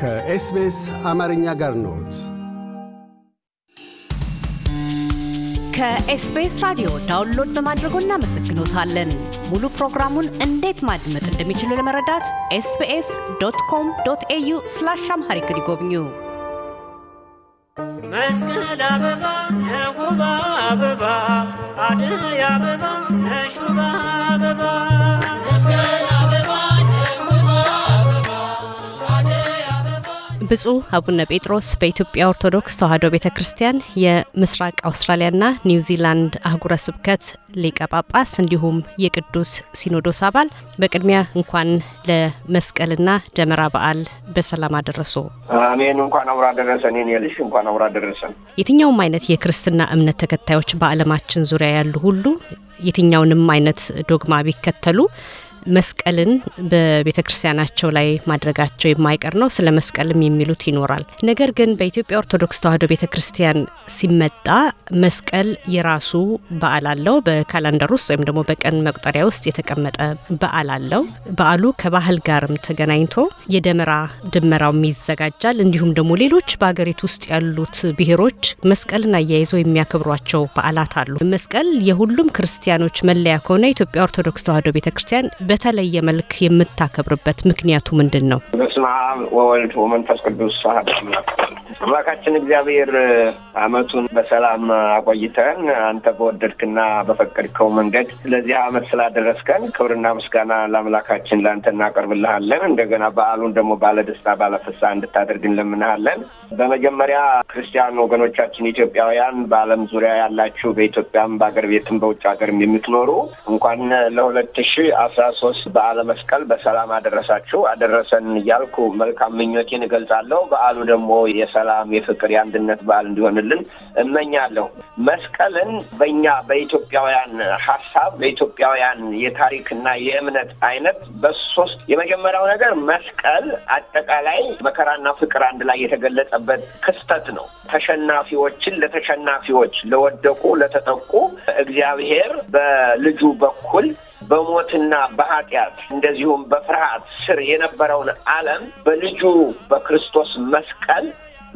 ከኤስቤስ አማርኛ ጋር ነት ከኤስቤስ ራዲዮ ዳውንሎድ በማድረጎ እናመሰግኖታለን። ሙሉ ፕሮግራሙን እንዴት ማድመጥ እንደሚችሉ ለመረዳት ኤስቢኤስ ዶት ኮም ዶት ኤዩ ስላሽ አምሃሪክ ይጎብኙ። መስቀል አበባ አበባ አደይ አበባ ነሹባ አበባ ብፁዕ አቡነ ጴጥሮስ በኢትዮጵያ ኦርቶዶክስ ተዋሕዶ ቤተ ክርስቲያን የምስራቅ አውስትራሊያና ኒውዚላንድ አህጉረ ስብከት ሊቀ ጳጳስ እንዲሁም የቅዱስ ሲኖዶስ አባል፣ በቅድሚያ እንኳን ለመስቀልና ደመራ በዓል በሰላም አደረሶ። አሜን። እንኳን አውራ ደረሰን የኔ ልጅ፣ እንኳን አውራ ደረሰን። የትኛውም አይነት የክርስትና እምነት ተከታዮች በዓለማችን ዙሪያ ያሉ ሁሉ የትኛውንም አይነት ዶግማ ቢከተሉ መስቀልን በቤተ ክርስቲያናቸው ላይ ማድረጋቸው የማይቀር ነው። ስለ መስቀልም የሚሉት ይኖራል። ነገር ግን በኢትዮጵያ ኦርቶዶክስ ተዋሕዶ ቤተ ክርስቲያን ሲመጣ መስቀል የራሱ በዓል አለው። በካላንደር ውስጥ ወይም ደግሞ በቀን መቁጠሪያ ውስጥ የተቀመጠ በዓል አለው። በዓሉ ከባህል ጋርም ተገናኝቶ የደመራ ድመራውም ይዘጋጃል። እንዲሁም ደግሞ ሌሎች በሀገሪቱ ውስጥ ያሉት ብሔሮች መስቀልን አያይዘው የሚያከብሯቸው በዓላት አሉ። መስቀል የሁሉም ክርስቲያኖች መለያ ከሆነ ኢትዮጵያ ኦርቶዶክስ ተዋሕዶ ቤተ ክርስቲያን በተለየ መልክ የምታከብርበት ምክንያቱ ምንድን ነው? በስመ አብ ወወልድ ወመንፈስ ቅዱስ አሐዱ አምላክ አምላካችን እግዚአብሔር አመቱን በሰላም አቆይተን አንተ በወደድክና በፈቀድከው መንገድ ለዚህ ዓመት ስላደረስከን ክብርና ምስጋና ለአምላካችን ለአንተ እናቀርብልሃለን። እንደገና በዓሉን ደግሞ ባለደስታ ባለፍሳ እንድታደርግ እንለምናሃለን። በመጀመሪያ ክርስቲያን ወገኖቻችን ኢትዮጵያውያን በዓለም ዙሪያ ያላችሁ በኢትዮጵያም በአገር ቤትም በውጭ ሀገርም የምትኖሩ እንኳን ለሁለት ሺ አስራ ክርስቶስ በዓለ መስቀል በሰላም አደረሳችሁ አደረሰን እያልኩ መልካም ምኞቴን እገልጻለሁ። በዓሉ ደግሞ የሰላም የፍቅር፣ የአንድነት በዓል እንዲሆንልን እመኛለሁ። መስቀልን በእኛ በኢትዮጵያውያን ሀሳብ በኢትዮጵያውያን የታሪክና የእምነት አይነት በሶስት የመጀመሪያው ነገር መስቀል አጠቃላይ መከራና ፍቅር አንድ ላይ የተገለጸበት ክስተት ነው። ተሸናፊዎችን ለተሸናፊዎች ለወደቁ ለተጠቁ እግዚአብሔር በልጁ በኩል በሞትና በኃጢአት እንደዚሁም በፍርሃት ስር የነበረውን ዓለም በልጁ በክርስቶስ መስቀል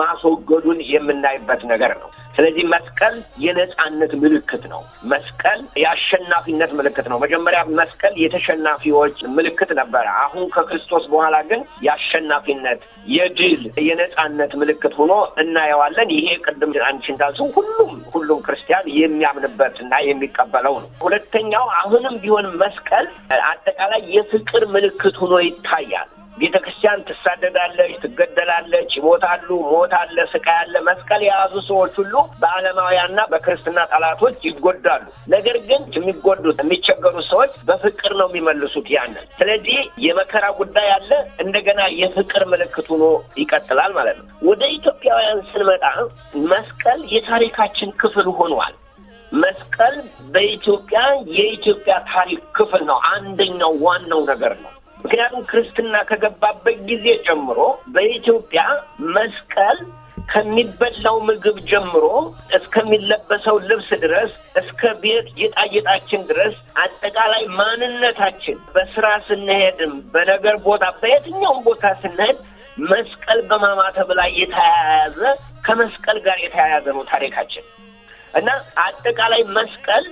ማስወገዱን የምናይበት ነገር ነው። ስለዚህ መስቀል የነጻነት ምልክት ነው። መስቀል የአሸናፊነት ምልክት ነው። መጀመሪያ መስቀል የተሸናፊዎች ምልክት ነበረ። አሁን ከክርስቶስ በኋላ ግን የአሸናፊነት፣ የድል፣ የነጻነት ምልክት ሆኖ እናየዋለን። ይሄ ቅድም አንቺ እንዳልሽው ሁሉም ሁሉም ክርስቲያን የሚያምንበት እና የሚቀበለው ነው። ሁለተኛው አሁንም ቢሆን መስቀል አጠቃላይ የፍቅር ምልክት ሆኖ ይታያል። ቤተ ክርስቲያን ትሳደዳለች፣ ትገደላለች፣ ይሞታሉ፣ ሞት አለ፣ ስቃይ አለ። መስቀል የያዙ ሰዎች ሁሉ በዓለማውያንና በክርስትና ጠላቶች ይጎዳሉ። ነገር ግን የሚጎዱት የሚቸገሩ ሰዎች በፍቅር ነው የሚመልሱት ያንን። ስለዚህ የመከራ ጉዳይ አለ፣ እንደገና የፍቅር ምልክት ሆኖ ይቀጥላል ማለት ነው። ወደ ኢትዮጵያውያን ስንመጣ መስቀል የታሪካችን ክፍል ሆኗል። መስቀል በኢትዮጵያ የኢትዮጵያ ታሪክ ክፍል ነው። አንደኛው ዋናው ነገር ነው። ምክንያቱም ክርስትና ከገባበት ጊዜ ጀምሮ በኢትዮጵያ መስቀል ከሚበላው ምግብ ጀምሮ እስከሚለበሰው ልብስ ድረስ እስከ ቤት ጌጣጌጣችን ድረስ አጠቃላይ ማንነታችን በስራ ስንሄድም፣ በነገር ቦታ፣ በየትኛውም ቦታ ስንሄድ መስቀል በማማተብ ላይ የተያያዘ ከመስቀል ጋር የተያያዘ ነው ታሪካችን እና አጠቃላይ መስቀል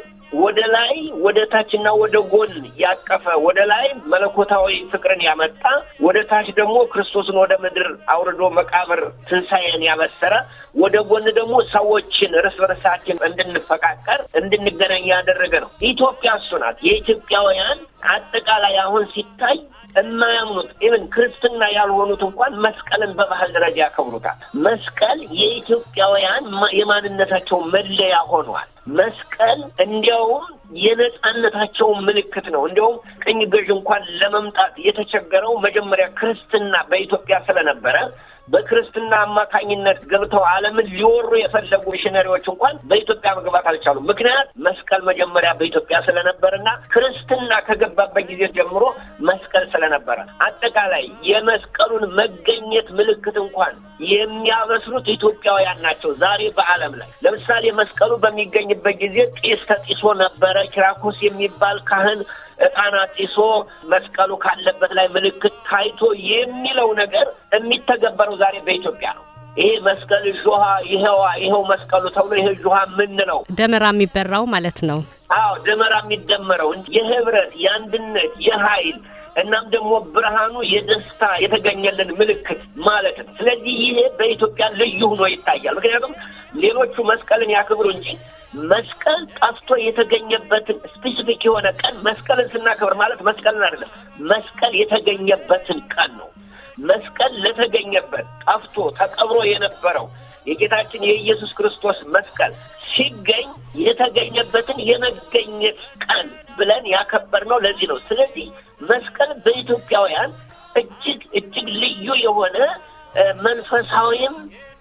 ወደ ላይ ወደ ታችና ወደ ጎን ያቀፈ ወደ ላይ መለኮታዊ ፍቅርን ያመጣ ወደ ታች ደግሞ ክርስቶስን ወደ ምድር አውርዶ መቃብር ትንሣኤን ያበሰረ ወደ ጎን ደግሞ ሰዎችን እርስ በርሳችን እንድንፈቃቀር እንድንገናኝ ያደረገ ነው። ኢትዮጵያ እሱ ናት። የኢትዮጵያውያን አጠቃላይ አሁን ሲታይ የማያምኑት ኢቨን ክርስትና ያልሆኑት እንኳን መስቀልን በባህል ደረጃ ያከብሩታል። መስቀል የኢትዮጵያውያን የማንነታቸው መለያ ሆኗል። መስቀል እንዲያውም የነጻነታቸው ምልክት ነው። እንዲያውም ቅኝ ገዥ እንኳን ለመምጣት የተቸገረው መጀመሪያ ክርስትና በኢትዮጵያ ስለነበረ በክርስትና አማካኝነት ገብተው ዓለምን ሊወሩ የፈለጉ ሚሽነሪዎች እንኳን በኢትዮጵያ መግባት አልቻሉም። ምክንያት መስቀል መጀመሪያ በኢትዮጵያ ና ክርስትና ከገባበት ጊዜ ጀምሮ መስቀል ስለነበረ አጠቃላይ የመስቀሉን መገኘት ምልክት እንኳን የሚያበስሩት ኢትዮጵያውያን ናቸው። ዛሬ በዓለም ላይ ለምሳሌ መስቀሉ በሚገኝበት ጊዜ ጢስ ተጢሶ ነበረ። ኪራኮስ የሚባል ካህን እጣን አጢሶ መስቀሉ ካለበት ላይ ምልክት ታይቶ የሚለው ነገር የሚተገበረው ዛሬ በኢትዮጵያ ነው። ይሄ መስቀል ዥሃ ይኸዋ ይኸው መስቀሉ ተብሎ ይሄ ምን የምንለው ደመራ የሚበራው ማለት ነው። አዎ ደመራ የሚደመረው የህብረት የአንድነት የኃይል እናም ደግሞ ብርሃኑ የደስታ የተገኘልን ምልክት ማለት ነው። ስለዚህ ይሄ በኢትዮጵያ ልዩ ሆኖ ይታያል። ምክንያቱም ሌሎቹ መስቀልን ያክብሩ እንጂ መስቀል ጠፍቶ የተገኘበትን ስፔሲፊክ የሆነ ቀን መስቀልን ስናከብር ማለት መስቀልን አይደለም፣ መስቀል የተገኘበትን ቀን ነው። መስቀል ለተገኘበት ጠፍቶ ተቀብሮ የነበረው የጌታችን የኢየሱስ ክርስቶስ መስቀል ሲገኝ የተገኘበትን የመገኘት ቀን ብለን ያከበርነው ለዚህ ነው። ስለዚህ መስቀል በኢትዮጵያውያን እጅግ እጅግ ልዩ የሆነ መንፈሳዊም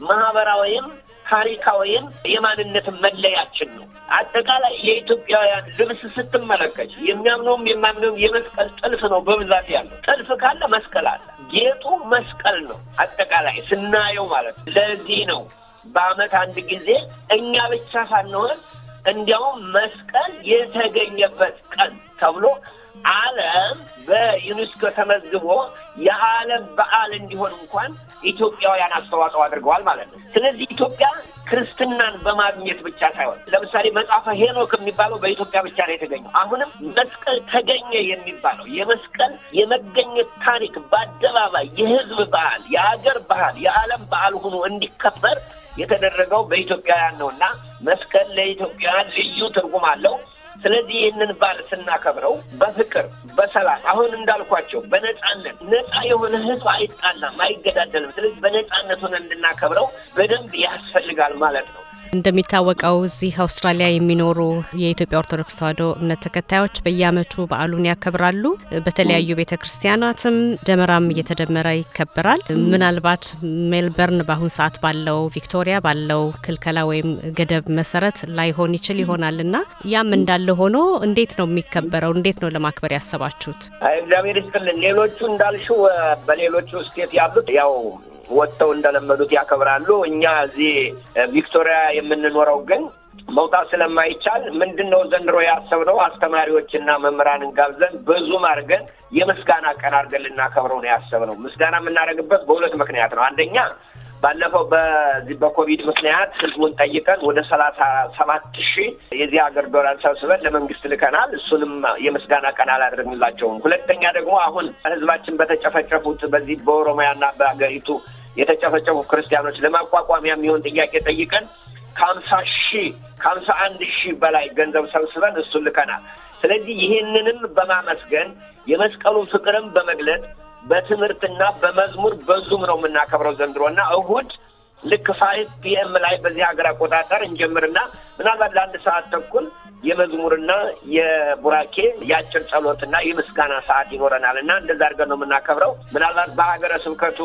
ማህበራዊም ታሪካዊም የማንነት መለያችን ነው። አጠቃላይ የኢትዮጵያውያን ልብስ ስትመለከች የሚያምነውም የማምነውም የመስቀል ጥልፍ ነው በብዛት ያለው። ጥልፍ ካለ መስቀል አለ። ጌጡ መስቀል ነው። አጠቃላይ ስናየው ማለት ነው። ለዚህ ነው በዓመት አንድ ጊዜ እኛ ብቻ ሳንሆን እንዲያውም መስቀል የተገኘበት ቀን ተብሎ ዓለም በዩኔስኮ ተመዝግቦ የዓለም በዓል እንዲሆን እንኳን ኢትዮጵያውያን አስተዋጽኦ አድርገዋል ማለት ነው። ስለዚህ ኢትዮጵያ ክርስትናን በማግኘት ብቻ ሳይሆን ለምሳሌ መጽሐፈ ሄኖክ የሚባለው በኢትዮጵያ ብቻ ነው የተገኘው። አሁንም መስቀል ተገኘ የሚባለው የመስቀል የመገኘት ታሪክ በአደባባይ የህዝብ በዓል፣ የሀገር በዓል፣ የዓለም በዓል ሆኖ እንዲከበር የተደረገው በኢትዮጵያውያን ነው እና መስቀል ለኢትዮጵያውያን ልዩ ትርጉም አለው። ስለዚህ ይህንን በዓል ስናከብረው በፍቅር በሰላም አሁን እንዳልኳቸው በነፃነት ነፃ የሆነ ህዝብ አይጣላም፣ አይገዳደልም። ስለዚህ በነፃነት ሆነ እንድናከብረው በደንብ ያስፈልጋል ማለት ነው። እንደሚታወቀው እዚህ አውስትራሊያ የሚኖሩ የኢትዮጵያ ኦርቶዶክስ ተዋሕዶ እምነት ተከታዮች በየአመቱ በዓሉን ያከብራሉ። በተለያዩ ቤተ ክርስቲያናትም ደመራም እየተደመረ ይከበራል። ምናልባት ሜልበርን በአሁን ሰዓት ባለው ቪክቶሪያ ባለው ክልከላ ወይም ገደብ መሰረት ላይሆን ይችል ይሆናል እና ያም እንዳለ ሆኖ እንዴት ነው የሚከበረው? እንዴት ነው ለማክበር ያሰባችሁት? እግዚአብሔር ይስጥልን። ሌሎቹ እንዳልሽው በሌሎቹ ስቴት ያሉት ያው ወጥተው እንደለመዱት ያከብራሉ። እኛ እዚህ ቪክቶሪያ የምንኖረው ግን መውጣት ስለማይቻል ምንድን ነው ዘንድሮ ያሰብነው አስተማሪዎችና መምህራንን ጋብዘን በዙም አድርገን የምስጋና ቀን አድርገን ልናከብረው ነው ያሰብነው። ምስጋና የምናደርግበት በሁለት ምክንያት ነው። አንደኛ ባለፈው በዚህ በኮቪድ ምክንያት ህዝቡን ጠይቀን ወደ ሰላሳ ሰባት ሺህ የዚህ ሀገር ዶላር ሰብስበን ለመንግስት ልከናል። እሱንም የምስጋና ቀን አላደረግንላቸውም። ሁለተኛ ደግሞ አሁን ህዝባችን በተጨፈጨፉት በዚህ በኦሮሚያና በሀገሪቱ የተጨፈጨፉ ክርስቲያኖች ለማቋቋሚያ የሚሆን ጥያቄ ጠይቀን ከአምሳ ሺህ ከአምሳ አንድ ሺህ በላይ ገንዘብ ሰብስበን እሱን ልከናል። ስለዚህ ይህንንም በማመስገን የመስቀሉ ፍቅርም በመግለጥ በትምህርትና በመዝሙር በዙም ነው የምናከብረው ዘንድሮ እና እሁድ ልክ ፋይቭ ፒኤም ላይ በዚህ ሀገር አቆጣጠር እንጀምርና ምናልባት ለአንድ ሰዓት ተኩል የመዝሙርና የቡራኬ የአጭር ጸሎትና የምስጋና ሰዓት ይኖረናል እና እንደዛ አድርገን ነው የምናከብረው። ምናልባት በሀገረ ስብከቱ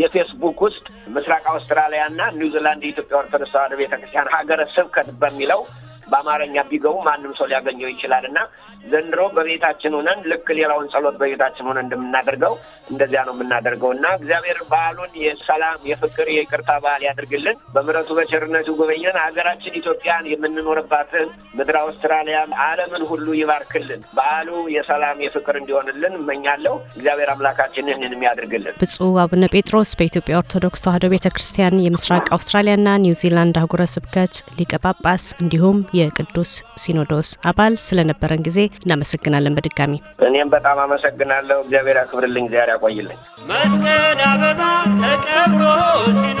የፌስቡክ ውስጥ ምስራቅ አውስትራሊያ ና ኒውዚላንድ የኢትዮጵያ ኦርቶዶክስ ተዋህዶ ቤተክርስቲያን ሀገረ ስብከት በሚለው በአማርኛ ቢገቡ ማንም ሰው ሊያገኘው ይችላል እና ዘንድሮ በቤታችን ሆነን ልክ ሌላውን ጸሎት በቤታችን ሆነን እንደምናደርገው እንደዚያ ነው የምናደርገው እና እግዚአብሔር በዓሉን የሰላም የፍቅር፣ የይቅርታ በዓል ያደርግልን። በምረቱ በቸርነቱ ጎበኘን። ሀገራችን ኢትዮጵያን የምንኖርባትን ምድር አውስትራሊያ፣ ዓለምን ሁሉ ይባርክልን። በዓሉ የሰላም የፍቅር እንዲሆንልን እመኛለሁ። እግዚአብሔር አምላካችን ይህንን የሚያደርግልን። ብፁዕ አቡነ ጴጥሮስ በኢትዮጵያ ኦርቶዶክስ ተዋሕዶ ቤተ ክርስቲያን የምስራቅ አውስትራሊያና ኒውዚላንድ አህጉረ ስብከት ሊቀ ጳጳስ እንዲሁም የቅዱስ ሲኖዶስ አባል ስለነበረን ጊዜ እናመሰግናለን። በድጋሚ እኔም በጣም አመሰግናለሁ። እግዚአብሔር አክብርልኝ፣ እግዚአብሔር ያቆይልኝ። መስቀል አበባ ተቀብሮ ሲኖ